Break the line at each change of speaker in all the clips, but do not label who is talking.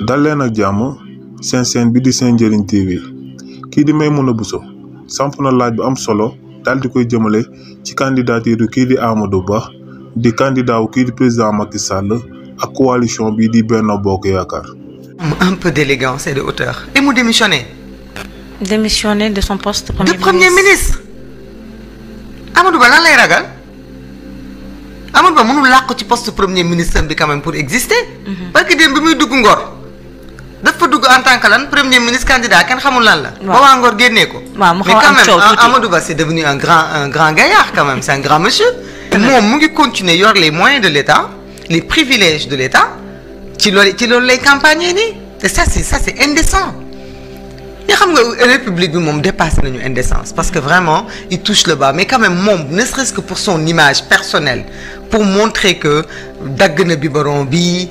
dal leen ak jàmm seen seen bi di seen njëriñ TV kii di Maimouna Bousso samp na laaj bu am solo dal di koy jëmale ci candidature kii di Amadou Ba di candidat wu kii di président Macky Sall ak coalition bi di Benno Bokk
Yaakaar. un peu d'élégance et de hauteur. et mu démissionné. démissionné de son poste de premier. de premier ministre. Amadou Ba lan lay ragal. Amadou Ba mënul làqu ci poste premier ministre bi quand même pour exister. Mm-hmm. parce que démb bi muy dugg Ngor dafa dugg en tant que lan premier ministre candidat kenn xamul lan la. waaw ba waa Ngor génnee ko. mais quand même ah, Amadou Ba c'est devenu un grand un grand gaillard quand même c'est un grand monsieur. moom mu ngi continuer yor les moyens de l'État les privilèges de l'État ci loolu ci loolu lay campagne ça c'est ça c'est indécent. mais xam nga euh, république bi moom dépasse nañu indécence parce que vraiment il touche le bas mais quand même moom ne serait-ce que pour son image personnelle pour montrer que dagg na biberon bi.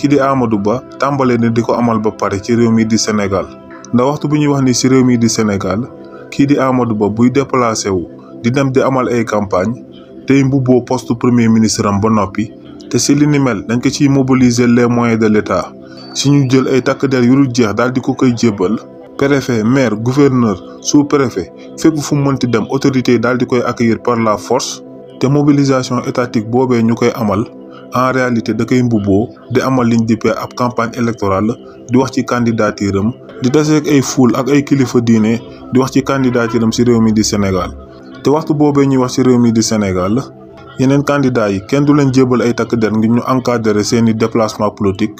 kii di Amadou Ba tàmbalee ne di ko amal ba pare ci réew mii di Sénégal ndax waxtu bi ñuy wax ni ci réew mii di Sénégal kii di Amadou Ba buy déplacé wu di dem di amal ay campagne tey mbubboo post premier ministre am ba noppi te si li dañ ko ciy mobiliser les moyens de l'État si ñu jël ay takk der yu dul jeex daal di ko koy jébbal préfet maire gouverneur sous-préfet fépp fu mu mënti dem autorité daal di koy accueillir par la force te mobilisation étatique boobee ñu koy amal en réalité da koy mbubboo di amal liñ dippee ab campagne électorale di wax ci candidature am di taseeg ay foule ak ay kilifa diine di wax ci candidature am si réew mi di Sénégal te waxtu boobee ñuy wax si réew mi di Sénégal yeneen candidats yi kenn du leen jébbal ay takk der ngir ñu encadrer seeni i déplacement politique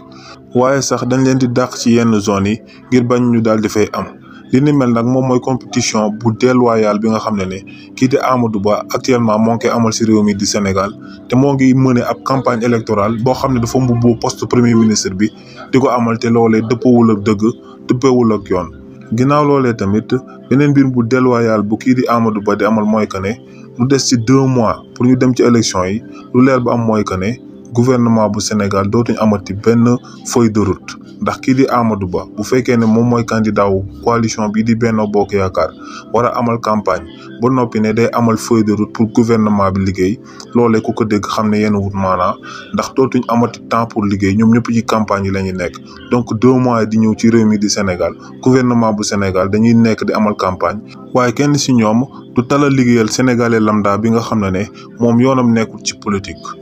waaye sax dañ leen di dàq ci yenn zones yi ngir bañ ñu daal di fay am. li ni mel nak mom moy compétition bu déloyal bi nga xamné ne ki kii di Amadou Ba actuellement moo ngi amal ci réew mi di Sénégal té mo ngi mëne ab campagne électorale bo xamné ne dafa mbubboo poste premier ministre bi diko amal té lolé dëppawul ak dëgg dëppawul ak yoon. ginaaw lolé tamit beneen bir bu déloyal bu ki di Amadou Ba di amal moy que ne lu dess ci 2 mois pour ñu dem ci élection yi lu leer bu am moy que ne. gouvernement bu Sénégal dootuñ amati benn feuille de route ndax kii di Amadou Ba bu fekkee ne moom mooy candidat wu coalition bi di benn Bokk Yaakaar war amal campagne bu noppi ne day amal feuille de route pour gouvernement bi liggéey loolee ku ko dégg xam ne yenn wut maanaa ndax dootuñ amati temps pour liggéey ñoom ñëpp ci campagne yi la ñu nekk donc deux mois di ñëw ci réew mi di Sénégal gouvernement bu Sénégal dañuy nekk di amal campagne waaye kenn si ñoom du tala liggéeyal sénégalais lambda bi nga xam ne ne moom yoonam nekkul ci politique